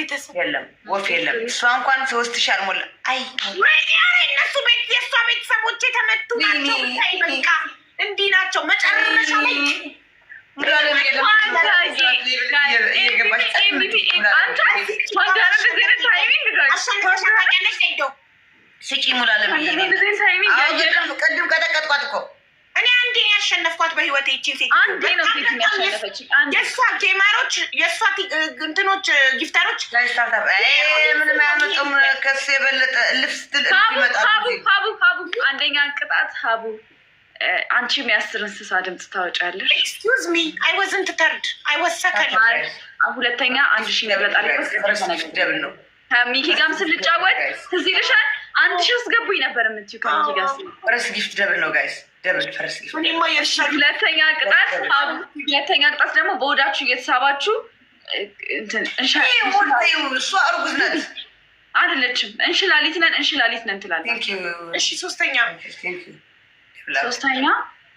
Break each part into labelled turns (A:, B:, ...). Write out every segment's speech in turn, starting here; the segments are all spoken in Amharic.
A: ቤተሰብ
B: የለም፣ ወፍ የለም። እሷ እንኳን ሶስት ሺህ አልሞላ። አይ እነሱ ቤት የእሷ ቤተሰቦች የተመቱ ናቸው። በቃ እንዲህ ናቸው። መጨረሻ ላይ ስጪ
A: ሙላለም
B: ቅድም ቀጠቀጥኳት እኮ አንዴ ነው ያሸነፍኳት ሴት
A: አንዴ ነው ያሸነፈች።
B: የእሷ የእሷ እንትኖች፣ ምንም ከሱ የበለጠ ልብስ
A: ሀቡ ሀቡ አንደኛ ቅጣት ሀቡ አንቺ የሚያስር እንስሳ ድምፅ ታወጫለሽ።
B: ኤክስኪውዝ ሚ አይ ወዝንት ተርድ አይ ወዝ ሰከንድ።
A: ሁለተኛ አንድ ሺ ነብረጣል ከሚኪ ጋርም ስንጫወት ትዝ ይልሻል። አንድ ሺ አስገቡኝ ነበር የምትይው
B: ከሚኪ ጋር ስ ጊፍት ደብል ነው ጋይስ
A: ሁለተኛ ቅጣት ሁለተኛ ቅጣት ደግሞ በወዳችሁ እየተሳባችሁ እሷ እርጉዝ ናት አይደለችም? እንሽላሊት ነን እንሽላሊት ነን ትላለች። ሶስተኛ ሶስተኛ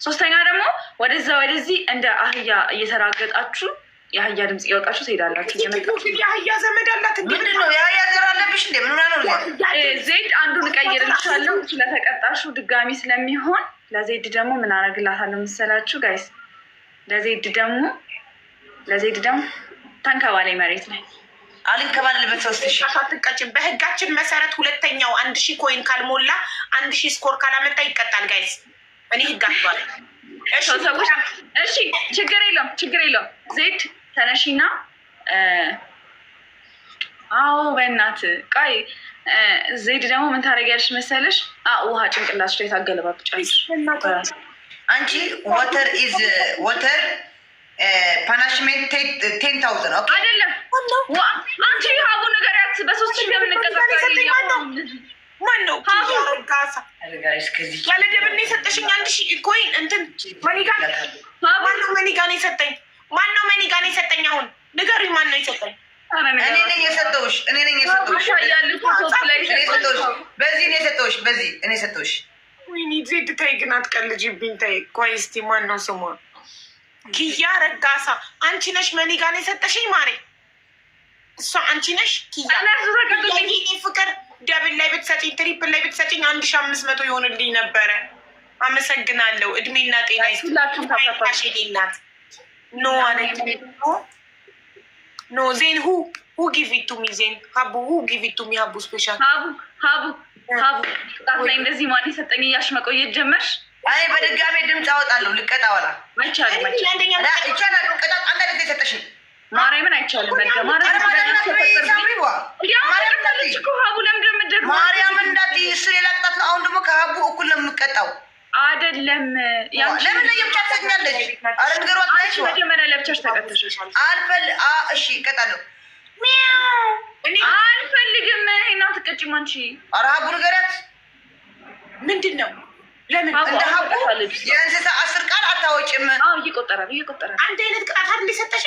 A: ሶስተኛ ደግሞ ወደዛ ወደዚህ እንደ አህያ እየተራገጣችሁ የአህያ ድምፅ እያወጣችሁ
B: ትሄዳላችሁ። የአህያ ዘመድ አላት ምንድን ነው? የአህያ ዘር አለብሽ እንዴ? ምንና ነው
A: ዜድ አንዱን እቀይርልሻለሁ ስለተቀጣሹ ድጋሚ ስለሚሆን ለዜድ ደግሞ ምን አደርግላታለሁ መሰላችሁ ጋይስ? ለዜድ ደግሞ ለዜድ ደግሞ ተንከባሌ መሬት ላይ
B: አልንከባልበት ሶስት ሺ አትቀጭም። በህጋችን መሰረት ሁለተኛው አንድ ሺህ ኮይን ካልሞላ አንድ ሺህ ስኮር ካላመጣ ይቀጣል ጋይስ። እኔ ህግ አቷል።
A: እሺ ችግር የለውም ችግር የለውም ዜድ ተነሺና አዎ በእናት ቃይ ዜድ ደግሞ ምን ታደርጊያለሽ መሰለሽ? ውሃ ጭንቅላትሽ ላይ ታገለባብጫለሽ።
B: አንቺ ወተር ኢዝ ወተር ፓናሽሜንት ቴን ታውዘን
A: አይደለም። አንቺ ሀቡ ነገር ያት በሶስት
B: ማነው ያለደብና የሰጠሽኝ አንድ ሺ ኮይን እንትን መኒጋ ማነው? መኒጋ ነው የሰጠኝ። ማነው? መኒጋ ነው የሰጠኝ። አሁን ንገሩኝ፣ ማን የሰጠኝ?
A: እኔ ዜድ ተይ ግን ተይ ቆይ እስኪ ስሟ?
B: ኪያ ረጋሳ አንቺ ነሽ መኒ ጋር የሰጠሽኝ ማሬ። እሷ አንቺ ነሽ ኪያ ፍቅር ደብል ላይ ብትሰጪኝ ትሪፕል ላይ ብትሰጪኝ አንድ አምስት መቶ ነበረ። አመሰግናለሁ። እድሜና ጤና ይስጥልኝ። ናት ኖ አለ ኖ ዜን ሁ ሁ ጊቭ ኢት ቱ ሚ ዜን ሀቡ ሁ ጊቭ ኢት ቱ ሚ ሀቡ ስፔሻል
A: ሀቡ ሀቡ ሀቡ ጣት ላይ እንደዚህ ማን የሰጠኝ እያልሽ መቆየት ጀመርሽ።
B: አይ በድጋሜ ድምፅ አወጣለሁ። ልቀጣ ዋላ
A: ማርያምን አይቻልም። ማርያም ሌላ ቅጣት ነው።
B: አሁን ደግሞ ከሀቡ እኩል ነው የምቀጣው አይደለም። ለምን ለየብቻ ትሰኛለች? አረ ንገሯት።
A: መጀመሪያ ለብቻሽ ተቀጥተሻል።
B: አልፈል እሺ፣ ቀጣለሁ።
A: አልፈልግም። ና ትቀጭ ማንቺ።
B: አረ ሀቡ ንገሪያት። ምንድን ነው? ለምን እንደ ሀቡ የእንስሳ አስር ቃል አታወጭም?
A: እየቆጠረ እየቆጠረ
B: አንድ አይነት ቅጣት እንዲሰጠሽ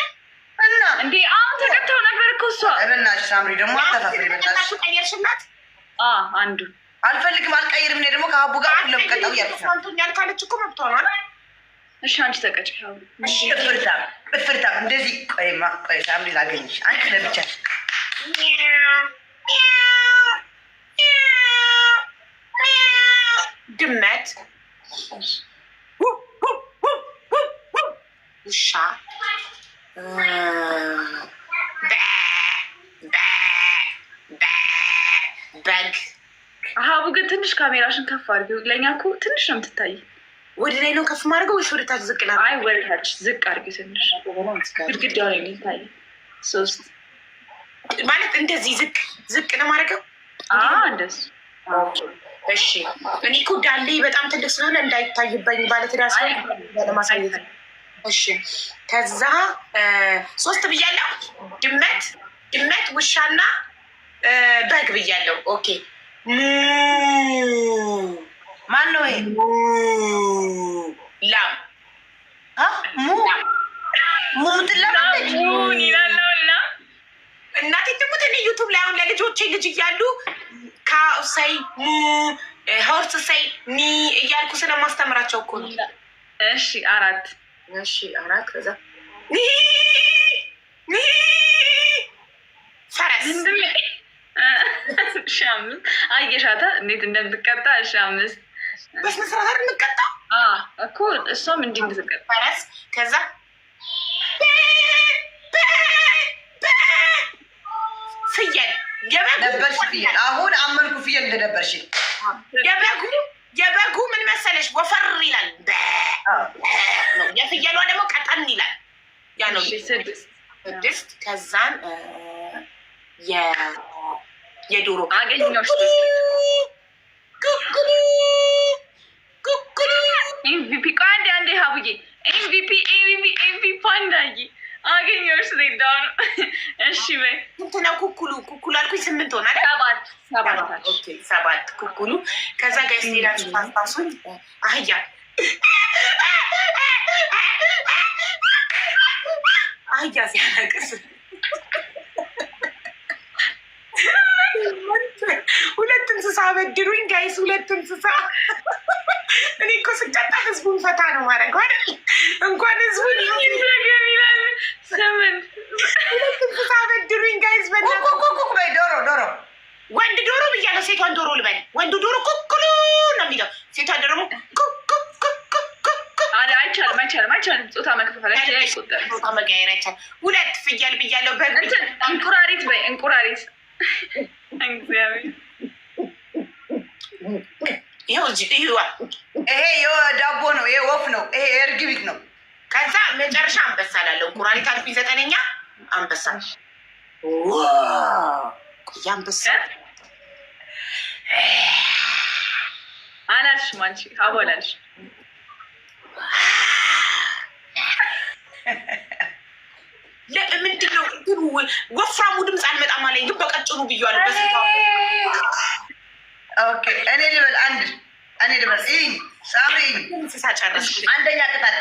B: እና
A: እንዴ አሁን ተቀጥተው ነበር እኮ እሷ።
B: በእናትሽ ሳምሪ ደግሞ አታሳፍሪ። በእናትሽ ቀየርሽናት አንዱ አልፈልግም፣ አልቀይርም። እኔ ደግሞ ከሀቡ ጋር ሁለም ቀጠው ያልሳንቶኛል ካለች እኮ መብቷ ነው።
A: እሺ አንቺ ተቀጭ
B: እፍርታ እፍርታ። እንደዚህ ቆይማ ቆይ፣ ሳምሪ ላገኝሽ አንቺ ለብቻ ድመት ውሻ በግ
A: አሀቡ ግን ትንሽ ካሜራሽን ከፍ አድርጊው። ለእኛ እኮ ትንሽ ነው የምትታይ።
B: ወደ ላይ ነው ከፍ ማድረገው ወይስ ወደታች ዝቅ ላ?
A: አይ ወደታች ዝቅ አድርጊው ትንሽ። ግድግዳ ላይ የሚታይ ሶስት
B: ማለት እንደዚህ ዝቅ ዝቅ ነው ማድረገው እንደሱ። እሺ እኔ እኮ ዳሌ በጣም ትልቅ ስለሆነ እንዳይታይበኝ ባለትዳር ለማሳየት እሺ ከዛ ሶስት ብያለሁ። ድመት ድመት፣ ውሻና በግ ብያለሁ። ኦኬ ማን ነው ላም እናቴ ትሙት። እኔ ዩቱብ ላይ አሁን ለልጆቼ ልጅ እያሉ ካው ሳይ ሙ ሆርስ ሳይ ኒ እያልኩ ስለማስተምራቸው እኮ ነው።
A: እሺ አራት እሺ አራት ከዛ ሺ አምስት አየሻታ እንዴት እንደምትቀጣ ሺ አምስት በስነ ስርዓት እኮ እሷም እንዲህ እንድትቀጣ
B: ከዛ ፍየል ነበርሽ አሁን አመንኩ ፍየል እንደነበርሽ የበጉ የበጉ ምን መሰለሽ ወፈር ይላል የፍየሏ ደግሞ ቀጠን ይላል ያ ነው ስድስት ከዛን የዶሮ
A: አገኘሁሽ። ኤምቪፒ
B: ኩኩሉ አልኩኝ። ስምንት ሆና ሰባት አህያ አህያ ሲያለቅስ ሁለት እንስሳ በድሩኝ ጋይስ፣ ሁለት እንስሳ። እኔ እኮ ስቀጣ ህዝቡን ፈታ ነው ማድረግ አይደል? እንኳን ህዝቡን
A: ሁለት
B: እንስሳ በድሩኝ ጋይስ። ዶሮ ዶሮ፣ ወንድ ዶሮ ብያለሁ፣ ሴቷን ዶሮ ልበል። ወንዱ ዶሮ ኩኩሉ ነው የሚለው፣ ሴቷ ዶሮ
A: አይቻልም፣ አይቻልም፣ አይቻልም። ፆታ መክፈል
B: ፆታ መቀያየር አይቻልም። ሁለት ፍየል ብያለሁ።
A: እንቁራሪት በይ እንቁራሪት
B: ይሄ የዳቦ eh, ነው። ይሄ ወፍ ነው። ይሄ እርግቢት ነው። ከዛ መጨረሻ አንበሳ ላለው ኩራሪት አልፊ ዘጠነኛ አንበሳ አንበሳ
A: አላልሽም አንቺ አቦ አላልሽ
B: ምንድን ግን ወፍራሙ ድምፅ አልመጣም አለኝ። ግን በቀጭኑ ብያለሁ። እኔ ልበል አንድ እኔ ልበል ሳጨረስ አንደኛ ቅጣት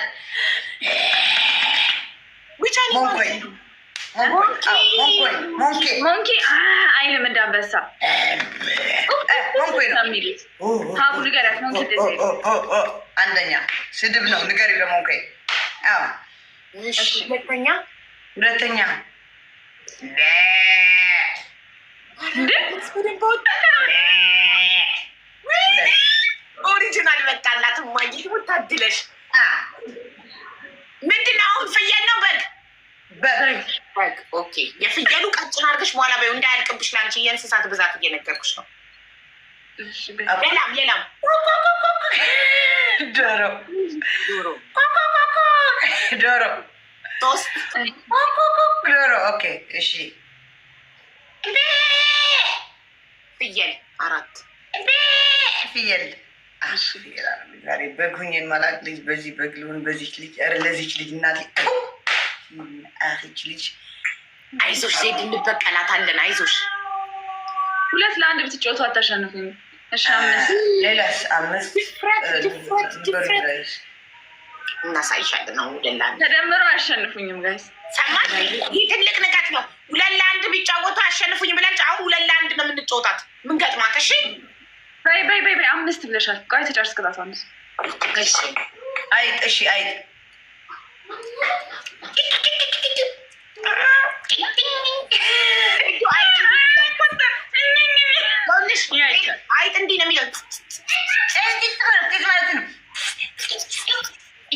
A: ሞንኬ ah, ah, አይልም እንዳንበሳ eh, ሚሉት oh, oh, oh, ሀቡ ንገሪያት። ሞንኬ
B: አንደኛ ስድብ ነው። ንገሪ ለሞንኬ ሁለተኛ ሁለተኛ ኦሪጂናል መጣላት ማየት ታድለሽ። ምንድን ነው አሁን ፍየል ነው በግ በግ ኦኬ። የፍየሉ ቀጭን አድርገሽ በኋላ በይው እንዳያልቅብሽ። ላንቺ የእንስሳት ብዛት እየነገርኩሽ ነው። ሌላም ሌላም ዶሮ ዶሮ ዶሮ ኦኬ፣ እሺ፣ ፍየል አራት፣ ፍየል ዛሬ በግ ሁኜን ልጅ በዚህ በዚች ልጅ ኧረ ለዚች ልጅ እናቴ ልጅ አይዞሽ፣ ዜድ እንበቀላታለን። አይዞሽ፣
A: ሁለት ለአንድ ብትጫወቱ አታሸንፉም። እሺ፣ አምስት
B: ሌላስ? አምስት
A: ድፍረት ድፍረት
B: ድፍረት እናሳይሻለን። ነው ሁለት ለአንድ
A: ተደምረው ጋይስ
B: ሰማሽ? ይህ ትልቅ ንቀት ነው። ሁለት ለአንድ ቢጫወቱ አሸንፉኝ ብላል። አሁን ሁለት ለአንድ ነው የምንጫወታት። ምን ገጥማት? እሺ
A: በይ በይ በይ በይ አምስት ብለሻል። ቆይ ተጨርስ ቅጣት አንድ
B: አይጥ እሺ አይጥ አይጥ እንዲህ ነው የሚለው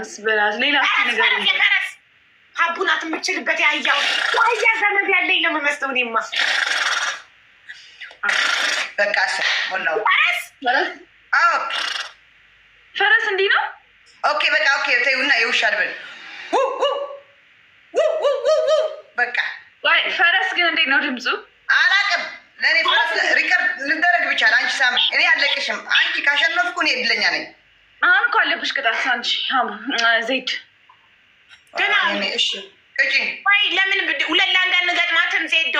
A: በራስ በራስ ሌላ
B: ነገር አቡናት የምችልበት ያያው ዋያ ዘመድ ያለኝ ነው የምመስለው። እኔማ በቃ ፈረስ
A: ፈረስ እንዲህ ነው።
B: ኦኬ በቃ ኦኬ። ተይውና የውሻ አድበል በቃ
A: ፈረስ ግን እንዴት ነው ድምፁ?
B: አላውቅም። ለእኔ ፈረስ ሪከርድ ልደረግ ብቻ። አንቺ ሳም እኔ አለቅሽም። አንቺ ካሸነፍኩ እኔ እድለኛ ነኝ።
A: አሁን እኮ አለብሽ ቅጣት አንቺ ዘይድ
B: ገና ለምን ሁለት ለአንድ አንገጥማትም? ዜዶ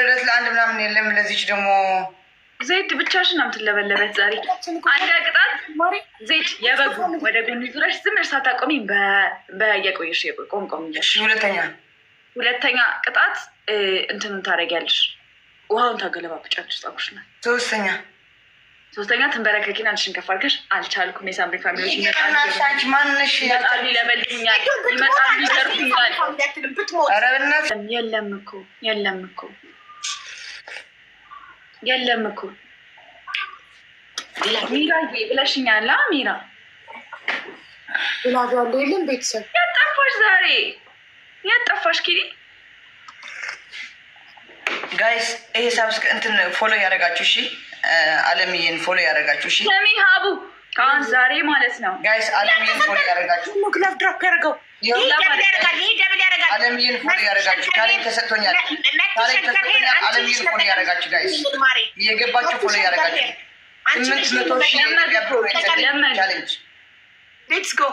B: ሁለት ለአንድ ምናምን የለም። ለዚች ደግሞ
A: ዘይድ ብቻሽን አምትለበለበት ዛሬ አንድ ቅጣት ዘይድ የበጉ ወደ ጎን ዙረሽ ዝም ሳታቆሚ በየቆየሽ ቆምቆም ሁለተኛ ሁለተኛ ቅጣት እንትኑን ታደርጊያለሽ፣ ውሃውን ታገለባብጫለሽ። ጸጉሽ ነው ሶስተኛ ሶስተኛ ትንበረከኪን አንሽን ከፍ አድርገሽ አልቻልኩም። የሳምሪ ፋሚሊዎች ይመጣሉ ይለበልኛል፣ ይመጣሉ ይዘርፉኛል። የለም እኮ የለም እኮ የለም እኮ ሚራ ብለሽኛላ። ሚራ
B: ብላጋለ የለም ቤተሰብ
A: ያጠፋሽ፣ ዛሬ ያጠፋሽ ኪሪ
B: ጋይስ ይሄ ሳብስክ እንትን ፎሎ ያደረጋችሁ እሺ አለምዬን ፎሎ ያደረጋችሁ እሺ።
A: ስሚ ሀቡ ከአሁን ዛሬ ማለት ነው
B: ጋይስ አለምዬን ፎሎ ያደረጋችሁ ክላፍ ድራፕ ያደርገው አለምዬን ፎሎ ያደረጋችሁ ተሰጥቶኛል፣ ተሰጥቶኛል። አለምዬን ፎሎ ያደረጋችሁ ጋይስ እየገባችሁ ፎሎ ያደረጋችሁ ስምንት መቶ ቻሌንጅ ሌትስ ጎ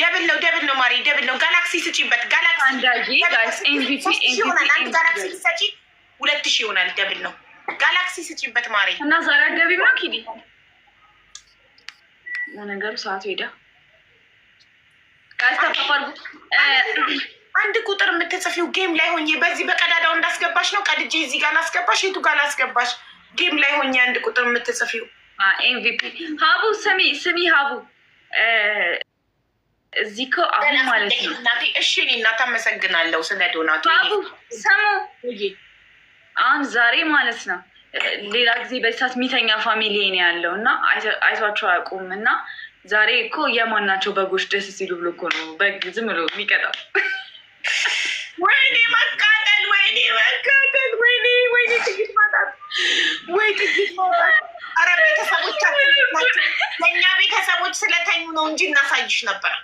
B: ደብል ነው ደብል ነው ማሪ ደብል ነው። ጋላክሲ ስጪበት፣
A: ጋላክሲ ጋላክሲ
B: ስጪ፣ ሁለት ይሆናል። ደብል ነው ጋላክሲ ስጪበት ማሬ
A: እና ዛሬ አገቢ ነው ኪዲ። ለነገሩ ሰዓቱ ሄዳ
B: አንድ ቁጥር የምትጽፊው ጌም ላይ ሆኜ በዚህ በቀዳዳው እንዳስገባሽ ነው። ቀድጄ እዚህ ጋር ላስገባሽ፣ የቱ ጋር ላስገባሽ? ጌም ላይ ሆኜ አንድ ቁጥር የምትጽፊው
A: ኤምቪፒ። ሀቡ ስሚ ስሚ፣ ሀቡ እዚህ ከ አሁን ማለት ነው።
B: እሺ እናት አመሰግናለሁ ስለ ዶናቱ።
A: ሀቡ ሰሙ አሁን ዛሬ ማለት ነው ሌላ ጊዜ በሰዓት የሚተኛ ፋሚሊ ነው ያለው እና አይቷቸው አያውቁም እና ዛሬ እኮ የማናቸው በጎች ደስ ሲሉ ብሎ እኮ ነው በግ ዝም ብሎ የሚቀጣው።
B: ወይኔ መቃጠል፣ ወይኔ መቃጠል፣ ወይኔ ወይኔ ትግል ማጣት፣ ወይ ትግል ማጣት። አረ ቤተሰቦቻችን ለእኛ ቤተሰቦች ስለተኙ ነው እንጂ እናሳይሽ ነበር።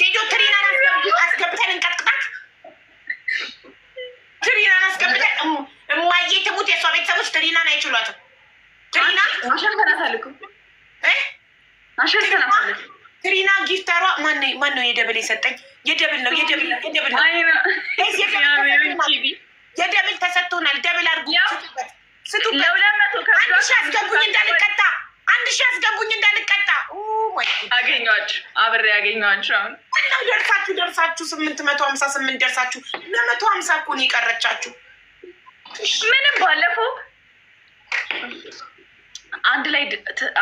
B: ዜዶ ትሪና አስገብተን እንቀጥቅጣት
A: አታልቅም። ጊፍተሯ
B: ጊፍታሯ ማን ነው? የደብል የሰጠኝ የደብል ነው። የደብል ነው። የደብል ተሰጥቶናል። ደብል አድርጉ። አንድ ሺህ አስገቡኝ እንዳልቀጣ፣ አንድ ሺህ አስገቡኝ እንዳልቀጣ።
A: አገኘኋችሁ፣ አብሬ አገኘኋችሁ።
B: አሁን ደርሳችሁ ደርሳችሁ ስምንት መቶ ሀምሳ ስምንት ደርሳችሁ ለመቶ ሀምሳ እኮ ነው የቀረቻችሁ።
A: ምንም ባለፈው አንድ ላይ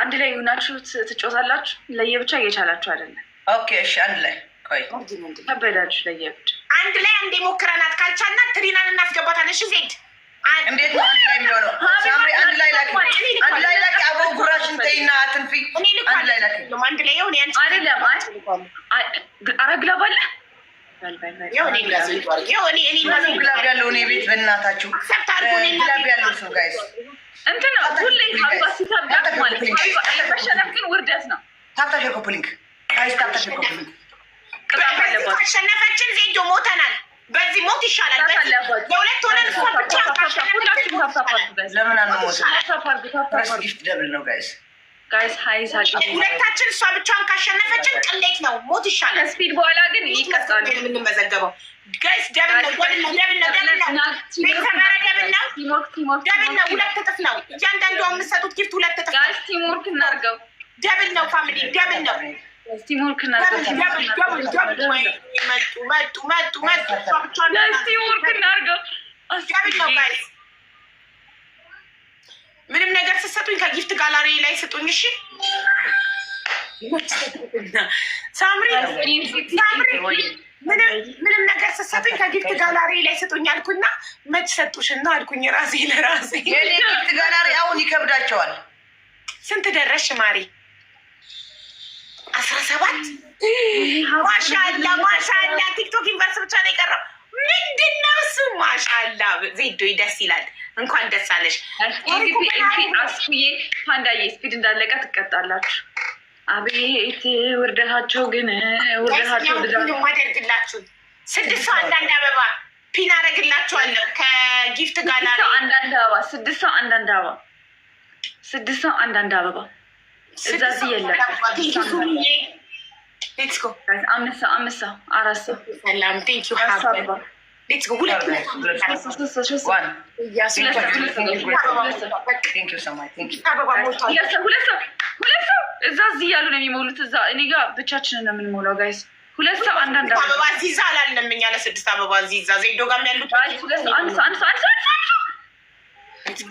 A: አንድ ላይ ሆናችሁ ትጮታላችሁ። ለየብቻ እየቻላችሁ አይደለም።
B: ኦኬ እሺ፣ አንድ ላይ
A: ከበዳችሁ። ለየብቻ
B: አንድ ላይ አንዴ ሞክረናት ካልቻና ትሪናን እናስገባታለን። እሺ ዜድ እንዴት ነው አንድ ላይ የሚሆነው? አንድ ላይ ላኪ፣ አንድ ላይ ላኪ። አቦ ጉራሽን ተይና አትንፊ። አንድ ላይ ላኪ።
A: አይደለም አረግለባለ
B: አሸነፈችን ዜዶ ሞተናል። በዚህ ሞት ይሻላል። በሁለት ሆነን ለምን አንሞት? ደብል ነው ጋይስ ጋይስ ሀይ ሁለታችን እሷ ብቻዋን ካሸነፈችን ቅሌት ነው፣ ሞት ይሻላል።
A: ከስፒድ በኋላ ግን ይቀጣሉ
B: የምንመዘገበው ጋይስ። ደብል ነው፣ ደብል ነው፣ ደብል ነው፣ ደብል ነው። ሁለት እጥፍ ነው እያንዳንዱ የምትሰጡት ጊፍት ሁለት እጥፍ
A: ነው። ቲምወርክ እናድርገው።
B: ደብል ነው ፋሚሊ፣ ደብል ነው።
A: ቲምወርክ እናድርገው።
B: መጡ መጡ ደብል ነው ጋይስ ምንም ነገር ስትሰጡኝ ከጊፍት ጋላሪ ላይ ስጡኝ። እሺ ሳምሪ ምንም ነገር ስትሰጡኝ ከጊፍት ጋላሪ ላይ ስጡኝ አልኩና መች ነው አልኩኝ ራሴ ለራሴ ጊፍት ጋላሪ አሁን ይከብዳቸዋል። ስንት ደረሽ ማሪ? አስራ ሰባት ማሻላ ማሻላ። ቲክቶክ ዩኒቨርስ ብቻ ነው የቀረው ምንድን እሱ? ማሻላ ዜዶ ደስ ይላል። እንኳን ደስ አለሽ
A: አስዬ። ፓንዳዬ ስፒድ እንዳለቀ ትቀጣላችሁ። አቤት ውርደታቸው ግን ውርደታቸው
B: ማደርግላችሁ ስድስት ሰው አንዳንድ አበባ ፒን አደርግላችኋለሁ ከጊፍት ጋር
A: አንዳንድ አበባ ስድስት ሰው አንዳንድ አበባ ስድስት ሰው አንዳንድ አበባ እዛዚህ የለም እዛ እዚህ እያሉ ነው የሚሞሉት። እዛ እኔ ጋ ብቻችንን ነው የምንሞላው ጋይስ ሁለት ሰው አንዳንድ
B: አበባ እዚህ እዛ እኛ ለስድስት አበባ እዚህ ዜዶ ጋርም ያሉት
A: አንድ ሰው አንድ ሰው አንድ ሰው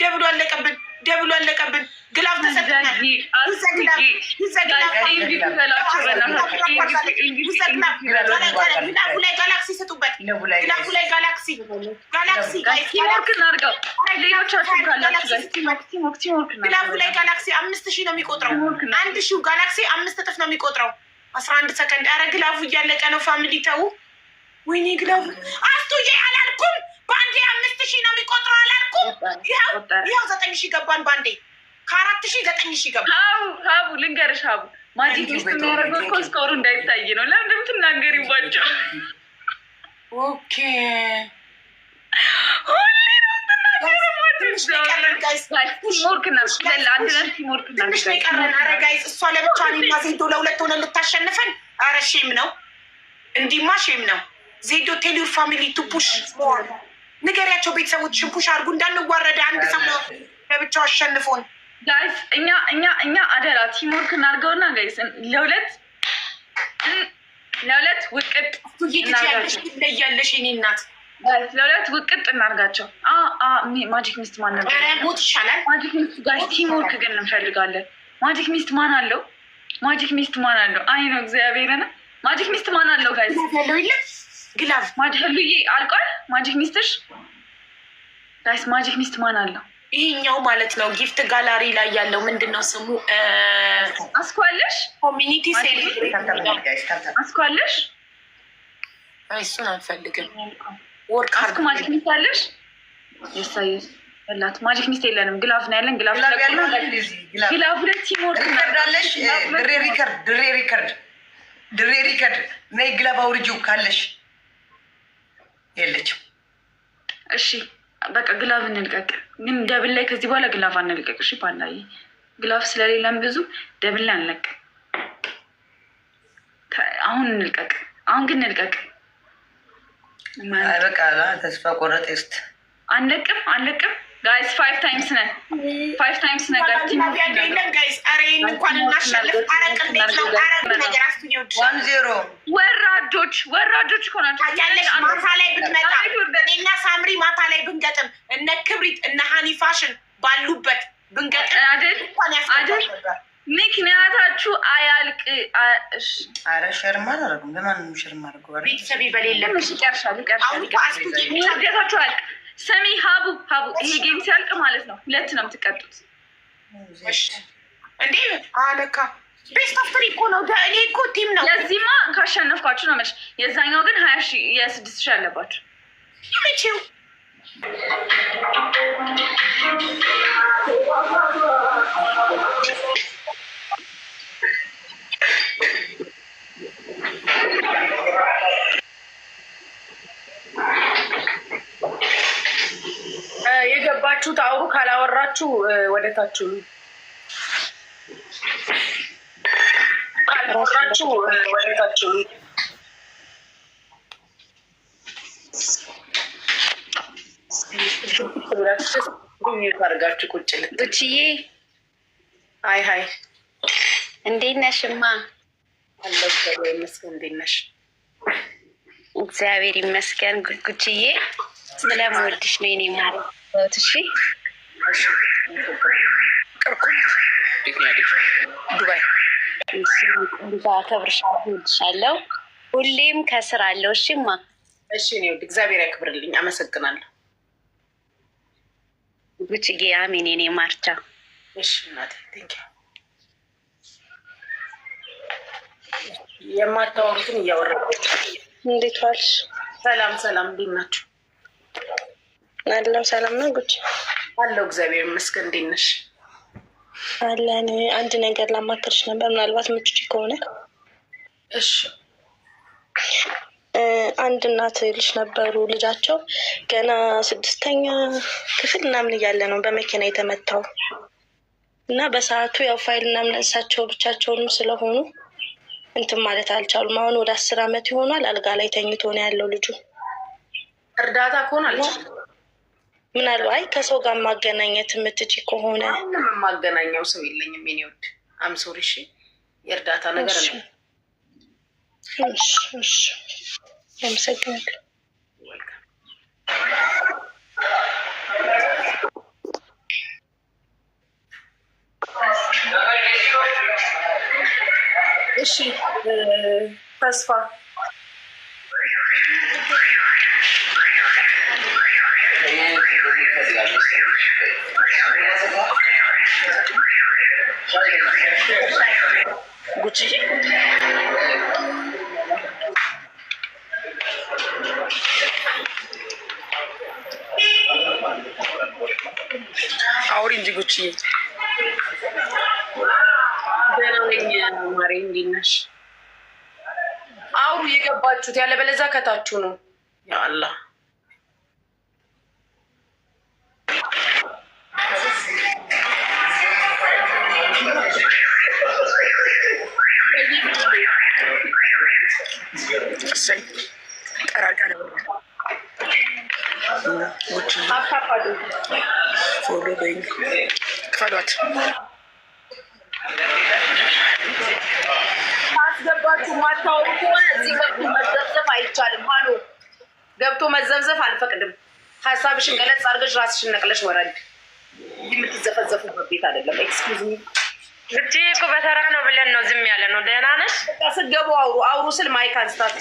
B: ደብሎ አለቀብን፣ ደብሎ አለቀብን። ግላፍ ተሰግናልግላፍ ላይ ጋላክሲ ስጡበት፣ ግላፉ ላይ ጋላክሲ ጋላክሲ ላይ ጋላክሲ አምስት ሺህ ነው የሚቆጥረው። አንድ ሺው ጋላክሲ አምስት እጥፍ ነው የሚቆጥረው። አስራ አንድ ሰከንድ። አረ ግላፉ እያለቀ ነው። ፋሚሊ ተው፣ ወይኔ ግላፉ አስቱዬ አላልኩም ባንዴ አምስት ሺህ ነው የሚቆጥረው አላልኩ? ይኸው ዘጠኝ ሺህ ገባን ባንዴ ከአራት ሺህ ዘጠኝ ሺህ
A: ገባ። ሀቡ ልንገርሽ፣ ሀቡ ማጂክ ውስጥ የሚያደርገው እኮ ስኮሩ እንዳይታይ ነው። ለምን እንደምትናገሪባቸው
B: ኦኬ ትንሽ ነው እንዲማ ሼም ነው ዜዶ ዩር ፋሚሊ ቱ ፑሽ ንገሪያቸው ቤተሰቦች ሽንፑሽ አድርጉ እንዳንዋረደ አንድ ሰው ለብቻው አሸንፎን
A: ጋይስ እኛ እኛ እኛ አደራ ቲምወርክ እናድርገውና ጋይስ ለሁለት ለሁለት ውቅጥ
B: ትያለሽ ትለያለሽ የኔ እናት
A: ለሁለት ውቅጥ እናድርጋቸው ማጂክ ሚስት ማን ነው ሞት ይሻላል ማጂክ ሚስት ጋይስ ቲምወርክ ግን እንፈልጋለን ማጂክ ሚስት ማን አለው ማጂክ ሚስት ማን አለው አይ ነው እግዚአብሔር ማጂክ ሚስት ማን አለው ጋይስ ግላቭ ማጅህ ብዬ አልቋል። ማጅህ ሚስትሽ ራይስ ማጅህ ሚስት ማን አለው?
B: ይሄኛው ማለት ነው። ጊፍት ጋላሪ ላይ ያለው ምንድን ነው ስሙ? አስኳለሽ ኮሚኒቲ አስኳለሽ። እሱን አልፈልግም።
A: ወርቅ አርግ ማጅህ ሚስት አለሽ? የሳየስ ላት ማጅክ ሚስት የለንም። ግላፍ ነው ያለን። ግላፍ ግላፍ ሁለት ይሞርዳለሽ።
B: ድሬ ሪከርድ ድሬ ሪከርድ ድሬ ሪከርድ ነይ ግላፍ አውርጂው ካለሽ የለችም።
A: እሺ በቃ ግላፍ እንልቀቅ፣ ግን ደብል ላይ ከዚህ በኋላ ግላፍ አንልቀቅ። እሺ ባላዬ፣ ግላፍ ስለሌለም ብዙ ደብል ላይ አንለቅ። አሁን እንልቀቅ፣ አሁን ግን እንልቀቅ።
B: በቃ ተስፋ ቆረጥ ውስጥ
A: አንለቅም፣ አንለቅም ጋይስ ፋይቭ ታይምስ ነን። ፋይቭ ታይምስ ነገር ወራዶች ወራዶች
B: ማታ ላይ ብትመጣ እኔና ሳምሪ ማታ ላይ ብንገጥም እነ ክብሪት እነ ሀኒ ፋሽን ባሉበት ብንገጥም
A: ምክንያታችሁ አያልቅ።
B: አረ ሸርማ አደረጉ ለማንም ሸርማ አደረጉ ቤተሰብ በሌለ
A: ይቀርሻል ይቀርሻል። አያልቅ ሰሚ ሀቡ ሀቡ፣ ይሄ ጌም ሲያልቅ ማለት ነው ሁለት ነው የምትቀጡት።
B: እንዴ አለካ ቤስት ኦፍ ትሪ እኮ ነው። እኔ እኮ ቲም ነው።
A: ለዚህማ ካሸነፍኳችሁ ነው መች። የዛኛው ግን ሀያ ሺ የስድስት ሺ አለባችሁ
B: መቼው ካላችሁ ታውሩ፣ ካላወራችሁ ወደታችሁ ካላወራችሁ ወደታችሁ አድርጋችሁ ቁጭ ልትችዬ። አይ ሀይ እንዴት ነሽማ? አለው ይመስገን። እንዴት ነሽ? እግዚአብሔር ይመስገን። ጉጉችዬ ስለምወድሽ ነው የኔ ማለት ትሺ ዱባይ አከብርሻለሁ። ሁሌም ከስራ አለው። እሺማ፣ እሺ። እኔ ውድ እግዚአብሔር ያክብርልኝ። አመሰግናለሁ። ጉችጌ አሜን። ኔ ማርቻ እሺ። እናቴ የማታወሩትን እያወራ እንዴት ዋልሽ? ሰላም ሰላም፣ እንዴት ናችሁ? አለው ሰላም ነው ጉች አለው። እግዚአብሔር ይመስገን። እንዴት ነሽ? አለን። አንድ ነገር ላማከርሽ ነበር፣ ምናልባት ምቹ ከሆነ እሺ። አንድ እናት ልጅ ነበሩ። ልጃቸው ገና ስድስተኛ ክፍል ምናምን እያለ ነው በመኪና የተመታው እና በሰዓቱ ያው ፋይል ምናምን እሳቸው ብቻቸውንም ስለሆኑ እንትን ማለት አልቻሉም። አሁን ወደ አስር አመት ይሆኗል። አልጋ ላይ ተኝቶ ነው ያለው ልጁ እርዳታ ከሆን አልቻለም ምናልባት ከሰው ጋር ማገናኘት የምትች ከሆነ ምንም ሰው የለኝም። የኔ አም አምሶሪ እሺ፣ የእርዳታ ነገር ነው። አመሰግናለሁ። እሺ ተስፋ ጉቺዬ አውሪ እንጂ ጉቺዬ። ደህና ነኝ ማሬ፣ እንዴት ነሽ? አውሩ የገባችሁት፣ ያለበለዚያ ከታችሁ ነው። ያአላህ እሰይ ጠራቃ ነው። ክፈሏት አስገባችሁ። ማታወሩ ከሆነ እዚህ ገብቶ መዘብዘብ አይቻልም። ሀሎ ገብቶ መዘብዘብ አልፈቅድም። ሀሳብሽን ገለጽ አድርገሽ ራስሽን ነቅለሽ ወረድ። የምትዘፈዘፉበት ቤት አይደለም። ኤክስኪውዝ እቺ እኮ ነው ብለን ነው ዝም ያለ ነው። ደህና ነሽ? ስትገቡ አውሩ አውሩ ስል ማይክ አንስታት